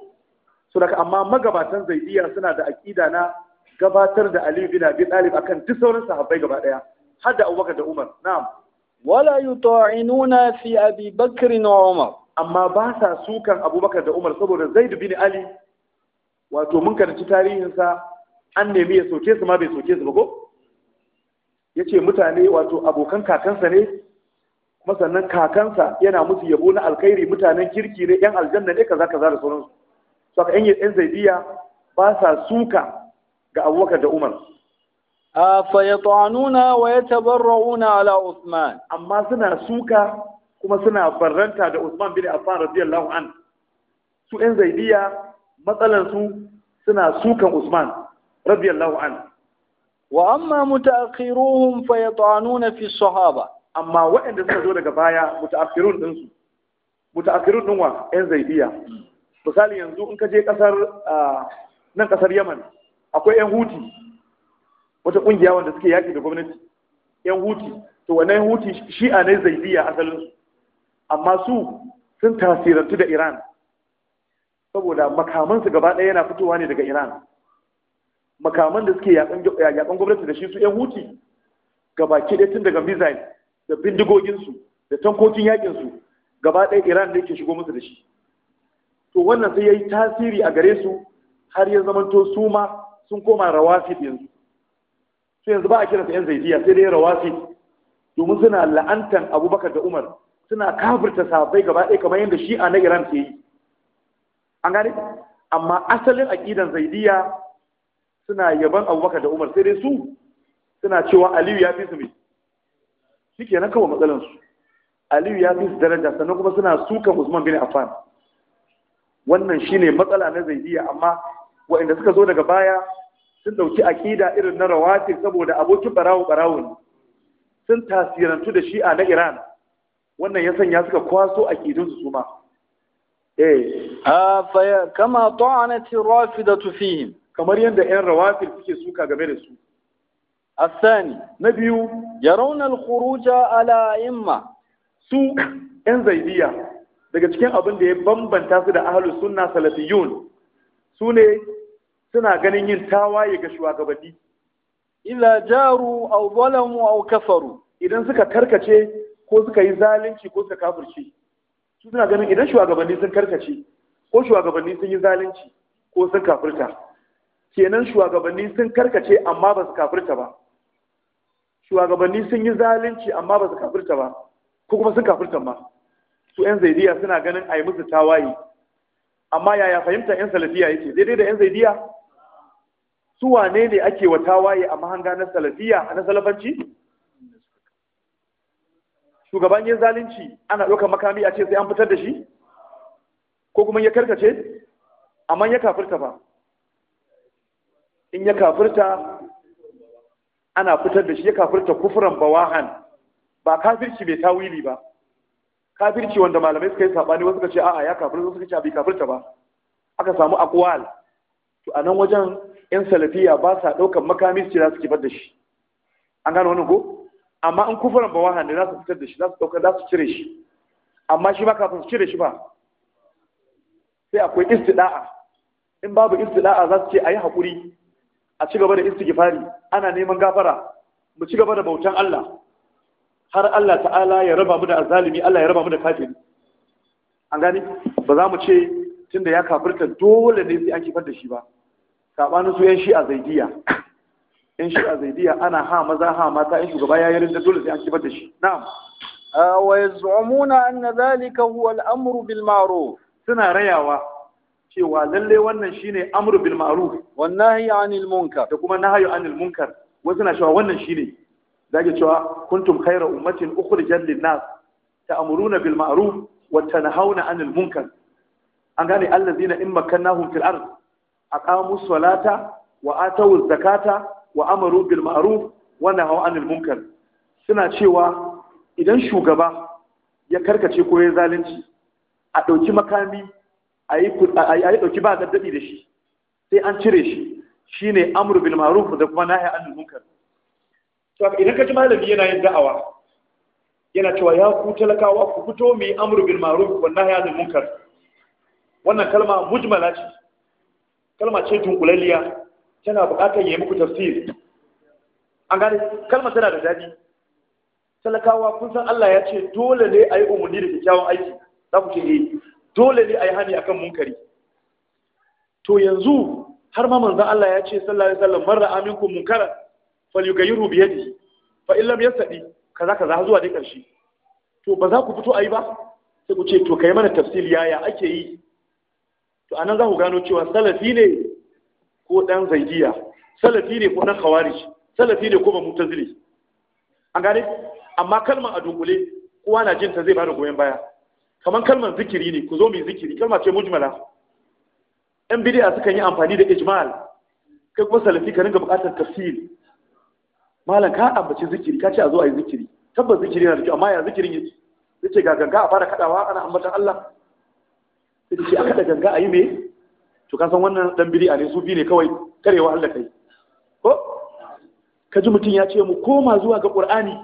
so daga amma magabatan zaidiya suna da aqida na gabatar da Ali bin Abi Talib akan duk sauran sahabbai gaba daya har da Abubakar da Umar na'am wala yuta'inuna fi Abi Bakr wa Umar amma ba sa sukan Abubakar da Umar saboda Zaid bin Ali wato mun karanci tarihin sa an nemi ya soke su ma bai soke su ba ko yace mutane wato abokan kakansa ne masannan kakansa yana musu yabo na alkhairi mutanen kirki ne yan aljanna ne kaza kaza da sauransu so ka yan zaidiya ba sa suka ga abubakar da umar A yatanuna wa yatabarrauna ala Usman amma suna suka kuma suna barranta da Usman bin Affan radiyallahu an su 'yan zaidiya matsalan su suna sukan Usman radiyallahu an wa amma mutaakhiruhum yatanuna fi sahaba amma waɗanda suka zo daga baya mutaakhirun din su mutaakhirun din wa yan zaidiya misali yanzu in ka je kasar nan kasar Yaman akwai yan huti wata ƙungiya wanda suke yaƙi da gwamnati yan huti to wannan yan huti shi'a ne zaidiya asalin su amma su sun tasirantu da Iran saboda makamansu gaba ɗaya yana fitowa ne daga Iran makaman da suke yakan gwamnati da shi su yan huti gaba ɗaya tun daga missile da bindigoginsu da tankokin yakinsu gaba ɗaya iran da yake shigo musu da shi to wannan sai ya yi tasiri a gare su har ya zamanto su ma sun koma rawafi yanzu Su yanzu ba a kiransa yan zaidiya sai dai rawafi domin suna la'antan abubakar da umar suna kafirta sahabbai gaba ɗaya kamar yadda shi'a na iran ke yi an gane amma asalin aƙidan zaidiya suna yaban abubakar da umar sai dai su suna cewa aliyu ya fi su mai shi ke nan kawai matsalansu aliyu ya fi su daraja sannan kuma suna sukan usman bin affan wannan shi ne matsala na zaidiya amma wa'inda suka zo daga baya sun ɗauki aƙida irin na rawatin saboda abokin barawo barawo ne sun tasirantu da shi'a na iran wannan ya sanya suka kwaso aƙidunsu su ma eh kama ta'anati rafidatu fihim kamar yadda 'yan rawatin suke suka game da su الثاني نبيو يرون الخروج على إما su ‘yan zaidiya daga cikin abin da ya bambanta su da ahalus sunna salafiyun su ne suna ganin yin tawaye ga shugabanni ila jaru aw zalamu aw kafaru idan suka karkace ko suka yi zalunci ko suka kafirci su suna ganin idan shugabanni sun karkace ko shugabanni sun yi zalunci ko sun kafirta kenan shugabanni sun karkace amma ba su kafirta ba shugabanni sun yi zalunci amma ba su kafirta ba ko kuma sun kafirta ma su yan zaidiya suna ganin a yi musu tawaye amma yaya fahimta yan salafiya yake daidai da yan zaidiya su wane ne ake wa tawaye a mahanga na salafiya na salafanci shugaban yin zalunci ana ɗaukar makami a ce sai an fitar da shi ko kuma ya karkace amma ya kafirta ba in ya kafirta ana fitar da shi ya kafirta kufuran bawahan ba kafirci mai tawili ba kafirci wanda malamai suka yi sabani wasu suka ce a'a ya kafir wasu suka ce bai kafirta ba aka samu akwal to a nan wajen yan salafiya ba sa ɗaukar makami su ce za su kifar da shi an gano wani ko amma in kufuran bawahan ne za su fitar da shi za su ɗaukar za su cire shi amma shi ba kafin su cire shi ba sai akwai istida'a in babu istida'a za su ce a yi haƙuri a ci gaba da istighfari ana neman gafara mu ci gaba da bautan Allah har Allah ta'ala ya raba mu da azalimi Allah ya raba mu da kafiri an gani ba za mu ce tunda ya kafirta dole ne sai an kifar da shi ba sabanin su yan a zaidiya yan a zaidiya ana ha maza ha mata yan shugaba ya yarin da dole sai an kifar da shi na'am wa yaz'umuna anna dhalika huwa al-amru bil ma'ruf suna rayawa cewa lalle wannan shine amru bil ma'ruf wan nahyi anil munkar da kuma nahyi anil munkar wasu na cewa wannan shine zage cewa kuntum khayra ummatin ukhrijat lin nas ta'muruna bil ma'ruf wa tanhauna anil munkar an gane allazina in makkannahum fil ard aqamu salata wa atawu zakata wa amaru bil ma'ruf wa nahaw anil munkar suna cewa idan shugaba ya karkace ko ya zalunci a ɗauki makami a yi ɗauki ba daɗi da shi sai an cire shi shi ne amuru bin maruf da kuma nahi an munkar to idan ka ji malami yana yin da'awa yana cewa ya ku talakawa ku fito mu yi amur bil maruf wa nahi an munkar wannan kalma mujmala ce kalma ce dunkulaliya tana buƙatar yi muku tafsir an gane kalma tana da daɗi talakawa kun san Allah ya ce dole ne a yi umarni da kyakkyawan aiki za ku ce eh dole ne a yi hani akan munkari to yanzu har ma manzan Allah ya ce sallallahu alaihi wasallam marra aminku munkara falyughayyiru bi yadihi fa in lam yastadi kaza kaza har zuwa dai karshe to ba za ku fito ayi ba sai ku ce to kai mana tafsiri yaya ake yi to anan za ku gano cewa salafi ne ko dan zaidiya salafi ne ko dan khawarij salafi ne ko ba mutazili an gane amma kalmar a dunkule kowa na jin ta zai bada goyon baya kamar kalmar zikiri ne ku zo mu zikiri kalma ce mujmala yan bid'a sukan yi amfani da ijmal kai kuma salafi ka ringa buƙatar tafsir malam ka ambaci zikiri ka ce a zo a yi zikiri tabbas zikiri na da kyau amma ya zikirin yake yace ga ganga a fara kadawa ana ambatan Allah sai ce a kada ganga a yi me to ka san wannan dan bidiya ne sufi ne kawai karewa Allah kai ko kaji mutum ya ce mu koma zuwa ga Qur'ani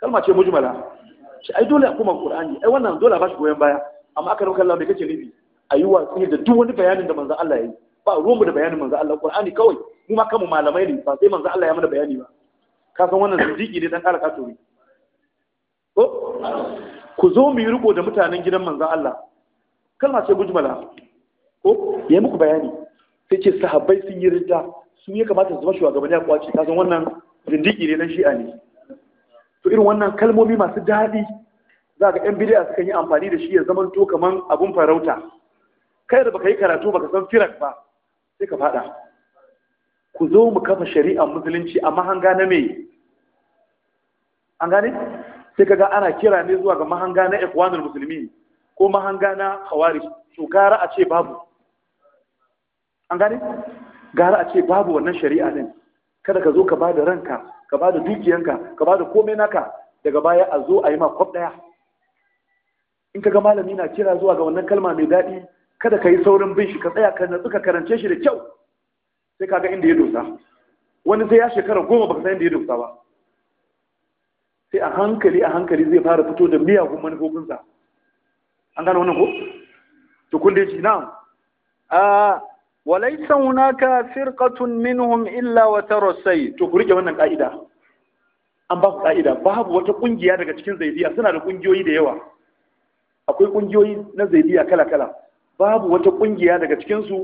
kalma ce mujmala shi ai dole a koma qur'ani ai wannan dole a bashi goyon baya amma aka rubuta Allah bai kace nufi ayi watsi da duk wani bayanin da manzo Allah ya yi ba mu da bayanin manzo Allah qur'ani kawai mu ma kanmu malamai ne ba sai manzo Allah ya mana bayani ba ka san wannan sidiki ne dan kara katori ko ku zo mu yi riko da mutanen gidan manzo Allah kalma ce gujmala ko ya muku bayani sai ce sahabbai sun yi ridda sun yi kamata su zama shugabanni a kwace ka san wannan zindiki ne dan shi'a ne to irin wannan kalmomi masu daɗi za ga yan bidiya sukan yi amfani da shi ya zama to kaman abun farauta kai da baka yi karatu baka san firak ba sai ka faɗa ku zo mu kafa shari'ar musulunci amma hanga na me an gane sai ka ga ana kira ne zuwa ga mahanga na ikwanul musulmi ko mahanga na hawari to gara a ce babu an gane gara a ce babu wannan shari'a din kada ka zo ka ba da ranka ka ba da dukiyanka ka ba da komai naka daga baya a zo a yi ma kwab ɗaya in ka ga malami na kira zuwa ga wannan kalma mai daɗi kada ka yi saurin bin shi ka tsaya ka natsu ka karance shi da kyau sai ka ga inda ya dosa wani sai ya shekara goma baka san inda ya dosa ba sai a hankali a hankali zai fara fito da miyagun manufofinsa an gano wannan ko to kun dai na'am a ah, walaysa hunaka firqatun minhum illa wa tara sayy to ku rike wannan ka'ida an ba ku ka'ida babu wata kungiya daga cikin zaidiya suna da kungiyoyi da yawa akwai kungiyoyi na zaidiya kala kala babu wata kungiya daga cikin su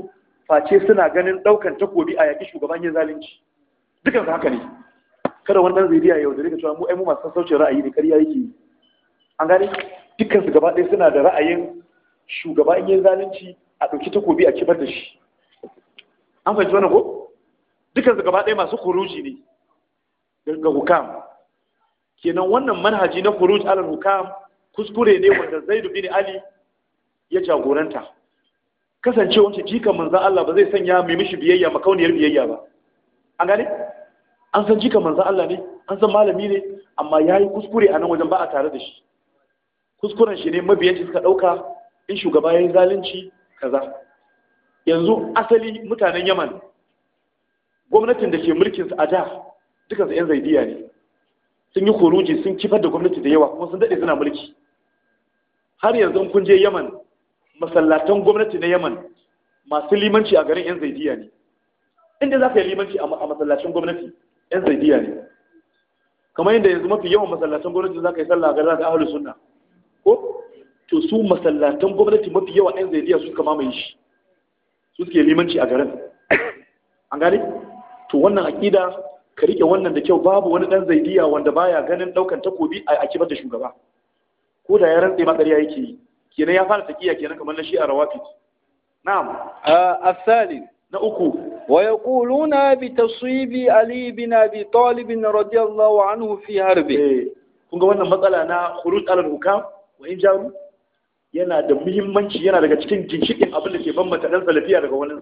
face suna ganin daukan takobi a yaki shugaban ya zalunci dukan su haka ne kada wannan zaidiya yau da rika cewa mu ai mu masu sauce ra'ayi ne kariya yake an gane dukkan su gaba ɗaya suna da ra'ayin shugaban yin zalunci a ɗauki takobi a kibar da shi an fahimci wani ko dukkan su gaba ɗaya masu kuruji ne ga hukam kenan wannan manhaji na kuruji alal hukam kuskure ne wanda zaidu bin ali ya jagoranta kasance shi jikan manzan Allah ba zai sanya mai mishi biyayya makauniyar biyayya ba an gane an san jikan manzan Allah ne an san malami ne amma ya yi kuskure a nan wajen ba a tare da shi kuskuren shi ne mabiyanci suka ɗauka in shugaba ya yi zalunci kaza yanzu asali mutanen yaman gwamnatin da ke mulkinsu a da dukansu 'yan zaidiya ne sun yi kuruji sun kifar da gwamnati da yawa kuma sun daɗe suna mulki har yanzu kun je yaman masallatan gwamnati na yaman masu limanci a garin 'yan zaidiya ne inda za ka yi limanci a masallacin gwamnati 'yan zaidiya ne kamar yadda yanzu mafi yawan masallatan gwamnati za ka yi sallah a garin ahalu sunna ko to su masallatan gwamnati mafi yawa 'yan zaidiya kama mamaye shi su suke limanci a garin an gane to wannan aƙida ka rike wannan da kyau babu wani dan zaidiya wanda baya ganin ɗaukan takobi a akibar da shugaba ko da ya rantse matsariya yake yi kenan ya fara takiya kenan kamar na shi a rawafi na'am asali na uku wa yaquluna bi taswibi ali bin abi talib radiyallahu anhu fi harbi eh, kun ga wannan matsala na khuruj al-hukam wa in jaru yana da muhimmanci yana daga cikin ginshikin abin da ke bambanta dan salafiya daga wani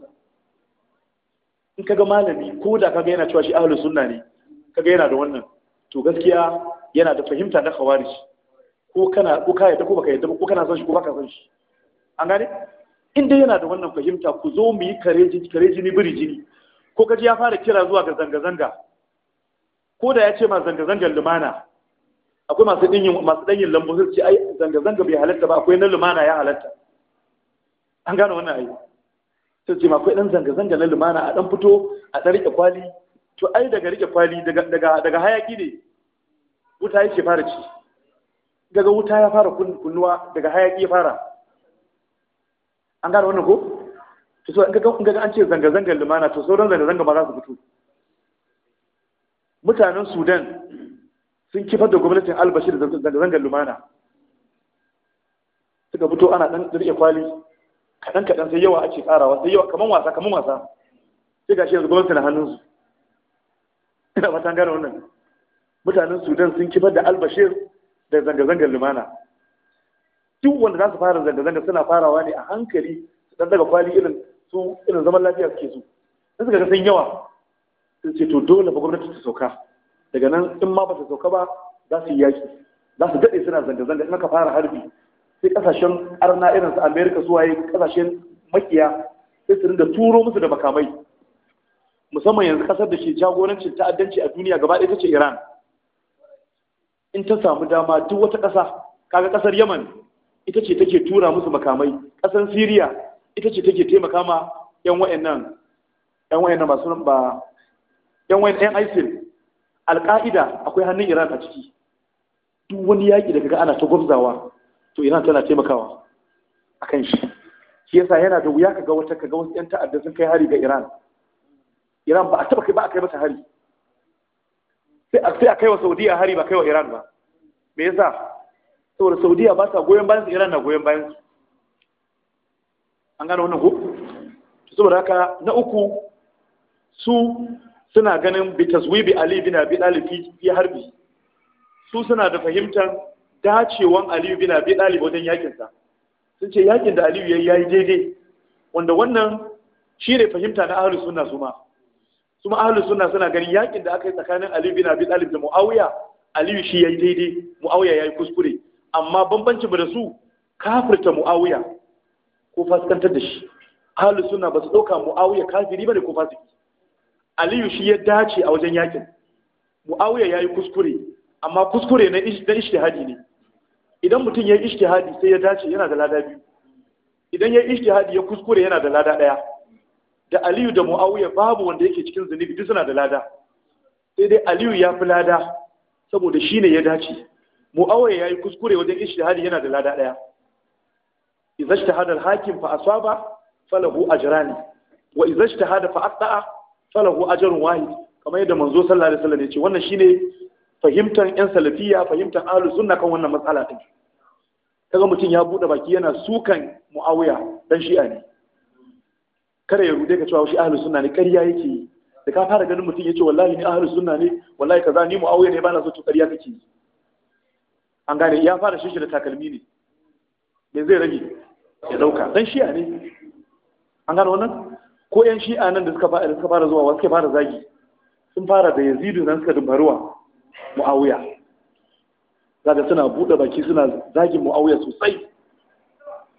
in ka ga malami ko da ka ga yana cewa shi ahlus sunna ne ga yana da wannan to gaskiya yana da fahimta na khawarij ko kana ko ka yadda ko baka yadda ko kana son shi ko baka son shi an gane in dai yana da wannan fahimta ku zo mu yi kare jini biri jini ko kaji ya fara kira zuwa ga zanga zanga ko da ya ce ma zanga zangar lumana akwai masu ɗanyin masu ɗanyin lambu sun ce ai zanga zanga bai halatta ba akwai na lumana ya halatta an gane wannan ai sun ce akwai ɗan zanga zanga na lumana a ɗan fito a ɗan riƙe kwali to ai daga riƙe kwali daga hayaki ne wuta yake fara ci daga wuta ya fara kunnuwa daga hayaki ya fara an gane wannan ko to so in ga an ce zanga zanga lumana to sauran zanga zanga ba za su fito mutanen Sudan sun kifar da gwamnatin da zanga zangar lumana suka fito ana dan rike kwali kaɗan kaɗan sai yawa ake ƙarawa sai yawa kaman wasa kaman wasa sai gashi yanzu gwamnati na hannunsu ina fatan gane wannan mutanen sudan sun kifar da albashir da zanga-zangar lumana duk wanda za su fara zanga zangar suna farawa ne a hankali su ɗan daga kwali irin su irin zaman lafiya suke su sai suka ga sun yawa sun ce to dole ba gwamnati ta sauka daga nan in ma ba ta sauka ba za su yi yaki za su daɗe suna zanga-zanga in ka fara harbi sai kasashen arna irin su amerika su waye kasashen makiya sai su rinda turo musu da makamai musamman yanzu kasar da ke jagorancin ta'addanci a duniya gaba ɗaya ta ce iran in ta samu dama duk wata ƙasa kaga ƙasar yaman ita ce take tura musu makamai ƙasar siriya ita ce take taimaka ma yan wa'annan yan wa'annan masu ba yan wa'annan isil alƙa'ida akwai hannun iran a ciki duk wani yaƙi daga kaga ana ta gwamzawa to iran tana taimakawa a kan shi shi yasa yana da wuya kaga wata kaga wasu yan ta'adda sun kai hari ga iran iran ba a taba kai ba a kai mata hari sai a sai a kai wa saudiya hari ba kai wa iran ba me yasa saboda saudiya ba ta goyon bayan iran na goyon bayan an gano wannan ko saboda haka na uku su suna ganin bi taswibi ali bin abi dalib fi harbi su suna da fahimtar dacewan ali bin abi dalib wajen yakin sa sun ce yakin da aliyu yayi yayi daidai wanda wannan shi ne fahimta na ahlus sunna su ma su ma ahlus sunna suna ganin yakin da aka yi tsakanin aliyu bin abi dalib da muawiya aliyu shi yayi daidai muawiya yayi kuskure amma bambancin da su kafirta muawiya ko fasikantar da shi ahlus sunna ba su dauka muawiya kafiri bane ko fasiki aliyu shi ya dace a wajen yakin muawiya yi kuskure amma kuskure na ishtihadi ne idan mutum ya yi ishtihadi sai ya dace yana da lada biyu idan ya yi ishtihadi ya kuskure yana da lada ɗaya da aliyu da muawiya babu wanda yake cikin zunubi duk suna da lada sai dai aliyu ya fi lada saboda shi ne ya dace muawiya ya yi kuskure wajen ishtihadi yana da lada ɗaya idza ta al-hakim fa asaba falahu ajran wa idza ijtahada fa akhta'a falahu ajrun wahid kamar yadda manzo sallallahu alaihi wasallam ya ce wannan shine fahimtar yan salafiya fahimtar ahlus sunna kan wannan matsala din kaga mutum ya bude baki yana sukan muawiya dan shi'a ne kada ya rude ka cewa shi ahlus sunna ne ƙarya yake yi da ka fara ganin mutum ya ce wallahi ni ahlus sunna ne wallahi kaza ni muawiya ne bana so to ƙarya kake yi an gane ya fara shi da takalmi ne me zai rage ya dauka dan shi'a ne an gane wannan ko yan shi'a nan da suka fara zuwa wasu ke fara zagi sun fara da yazidu nan suka dumbaruwa muawiya zaga suna buɗe baki suna zagin mu'awuya sosai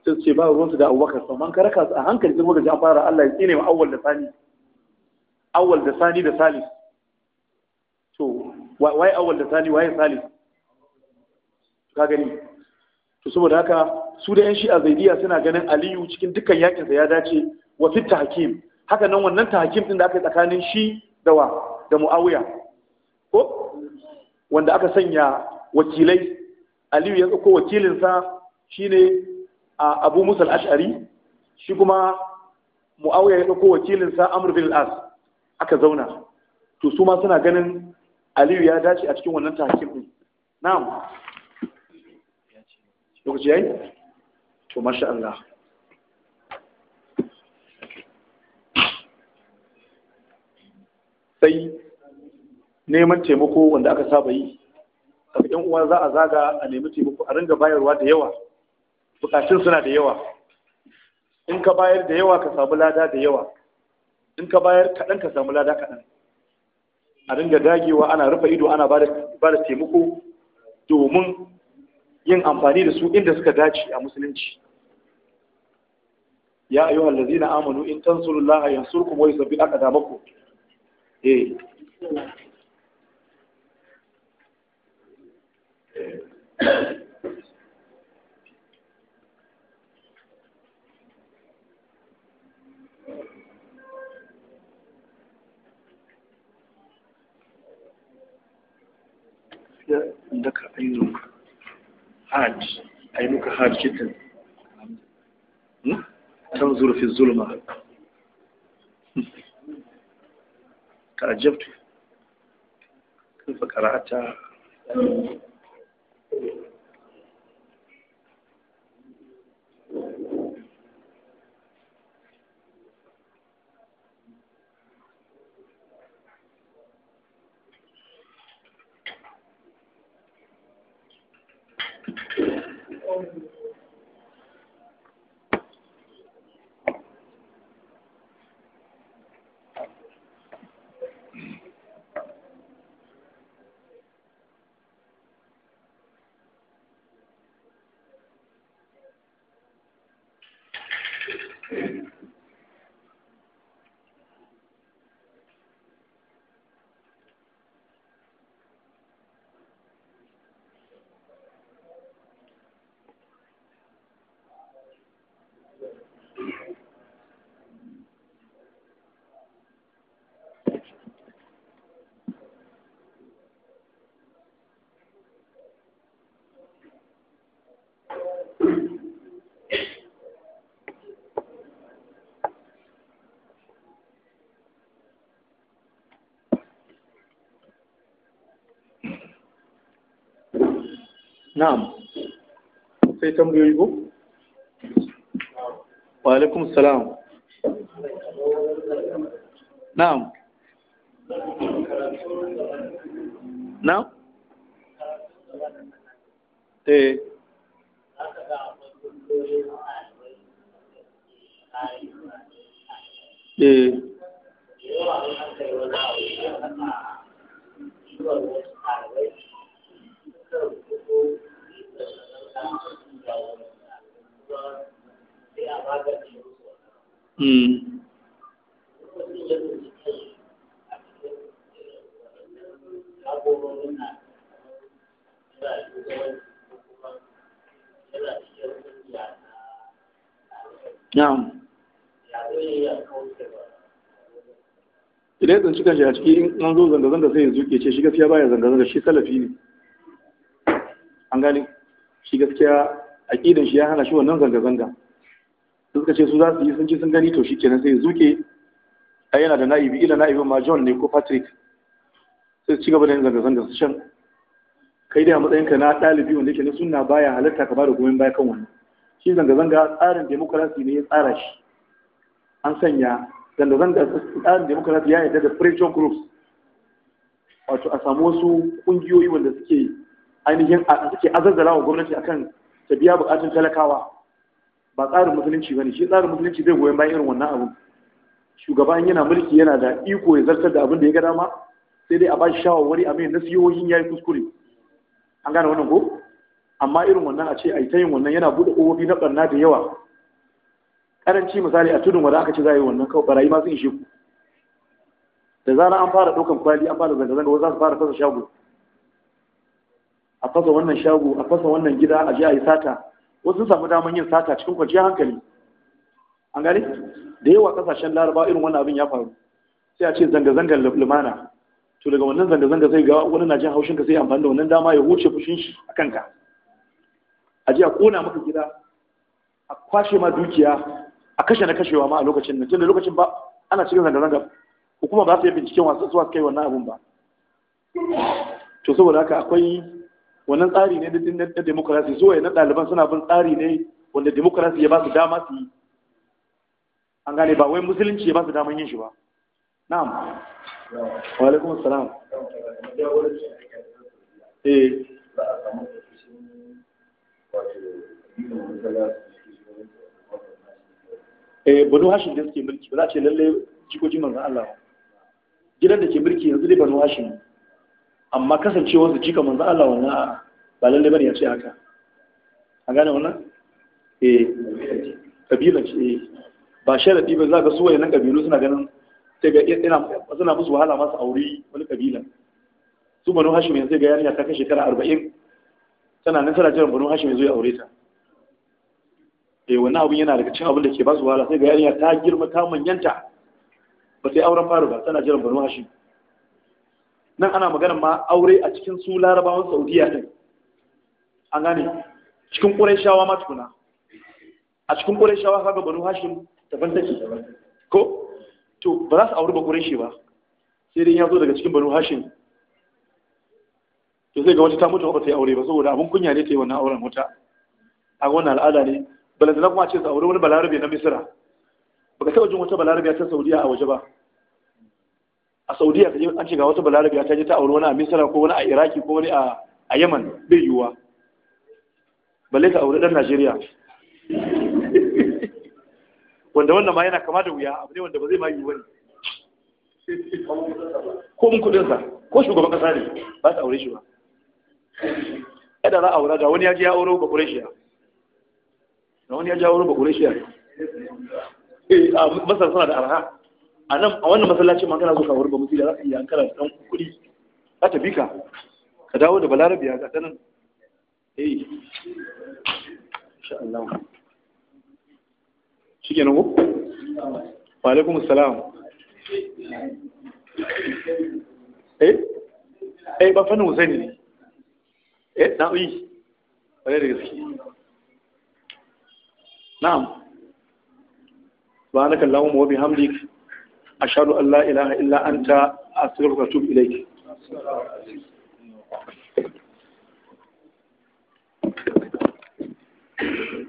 su ce ba su da abubakar sau man karaka su a hankali sun gaji an fara allah ya tsine ma awal da sani awal da sani da salis to waye awal da sani waye salis ka gani to saboda haka su da yan shi'a zaidiya suna ganin aliyu cikin dukkan sa ya dace wa fitta hakim haka nan wannan tahakim din da aka yi tsakanin shi da wa da muawiya ko wanda aka sanya wakilai aliyu ya tsoko wakilinsa shine abu musa al-ash'ari shi kuma muawiya ya tsoko wakilinsa amr bin al-as aka zauna to su ma suna ganin aliyu ya dace a cikin wannan tahakim din na'am lokaci yayi to masha Allah sai neman taimako wanda aka saba yi daga yan uwa za a zaga a nemi taimako a ringa bayarwa da yawa bukatun suna da yawa in ka bayar da yawa ka samu lada da yawa in ka bayar kaɗan ka samu lada kaɗan a ringa dagewa ana rufe ido ana ba da taimako domin yin amfani da su inda suka dace a musulunci ya ayyuhal ladzina amanu in tansurullaha yansurkum wa yusabbit aqdamakum إيه عندك عينك حاج عينك حاج جدا تنظر في الظلمة ta'ajjabtu kaifa qara'ata na'am sai tambayoyi ko wa alaikum salam na'am na'am eh eh Thank you. Mm. Na'am. Idan zan cika shi a an zo zanga-zanga sai yanzu ke ce shi gaskiya baya zanga-zanga shi salafi ne. An gani? shi gaskiya ƙidan shi ya hana shi wannan zanga-zanga su suka ce su za su yi sun ji sun gani to shi kenan sai zuke a yana da na'ibi ila na'ibin ma john ne ko patrick sai ci gaba da yin zanga-zanga su shan kai da matsayinka na ɗalibi wanda yake na suna baya halitta ka da gomen baya kan wannan shi zanga-zanga tsarin demokarasi ne ya tsara shi an sanya zanga-zanga tsarin demokarasi ya yarda da pressure groups wato a samu wasu ƙungiyoyi wanda suke ainihin suke azazzara wa gwamnati akan ta biya bukatun talakawa ba tsarin musulunci ba ne, shi tsarin musulunci zai goyon bayan irin wannan abin. shugaban yana mulki yana da iko ya zartar da abin da ya ga dama sai dai a ba shi shawarwari a mai ya yi kuskure an gane wannan ko amma irin wannan a ce a yi ta yin wannan yana buɗe ƙofofi na ɓarna da yawa ƙaranci misali a tudun wanda aka ce za a yi wannan kawai barayi ma sun ishe ku da zarar an fara ɗaukan kwali an fara zanga-zanga wasu za su fara fasa shago a fasa wannan shago a fasa wannan gida a je a yi sata wasu samu daman yin sata cikin kwanciyar hankali an gane da yawa kasashen laraba irin wannan abin ya faru sai a ce zanga-zangar lumana to daga wannan zanga-zanga sai ga wani na jin haushinka sai amfani da wannan dama ya huce fushin shi a kanka a ji a kona maka gida a kwashe ma dukiya a kashe na kashewa ma a lokacin nan tunda lokacin ba ana cikin zanga-zanga hukuma ba su yi binciken wasu suwa kai wannan abun ba to saboda haka akwai wannan tsari ne na demokrasi zuwa yana ɗaliban suna bin tsari ne wanda demokrasi ya ba su dama su yi an gane ba wai musulunci ya ba su daman yin shi ba na'am wa alaikum assalam eh eh banu hashim da suke mulki ba za a ce lalle jikokin manzan Allah gidan da ke mulki yanzu dai banu ne. amma kasancewar su cika manzo Allah wannan ba da bari ya ce haka a gane wannan eh kabila ce eh. ba sharadi ba za ka suwa wayannan kabilu suna ganin sai ga ina suna musu wahala masu aure wani kabila su banu hashim yanzu ga yarinya ta kai shekara arba'in tana nan tana jiran banu hashim yanzu ya aure ta eh wannan abin yana daga cin abin da ke ba su wahala sai ga yarinya ta girma ta manyanta ba sai auren faru ba tana jiran banu hashim nan ana magana ma aure a cikin su larabawan saudiya din an gane cikin shawa ma tukuna a cikin shawa kaga banu hashim daban take ko to ba za su auri ba ƙurayshi ba sai dai ya zo daga cikin banu hashim to zai ga wata ta mutu ba ta yi aure ba saboda abin kunya ne ta yi wannan auren wata a wannan al'ada ne na kuma ce su aure wani balarabe na misira baka taɓa jin wata balarabe ta saudiya a waje ba a saudiya kaje an ce ga wata balarabiya ta je ta auri wani a misira ko wani a iraki ko wani a yaman bai yiwuwa balle ta auri dan najeriya wanda wannan ma yana kama da wuya abu ne wanda ba zai ma yiwu ne ko mun kudinsa ko shugaban kasa ne ba ta aure shi ba yadda za a aura ga wani ya ji ya auro ba kureshiya ga wani ya ji ya auro ba kureshiya eh, a masar suna da arha a a wannan masallacin ma kana so wuri ba mutum da za ka iya an dan kuɗi za ta bika ka dawo da balarabiya ga ta nan eh insha Allah shi ke ko wa alaikum assalam eh eh ba fannin Hussein ne eh na uyi bare da gaske na'am subhanaka allahumma wa bihamdika ashhadu an la ilaha illa anta astaghfiruka wa atubu ilayk Thank you.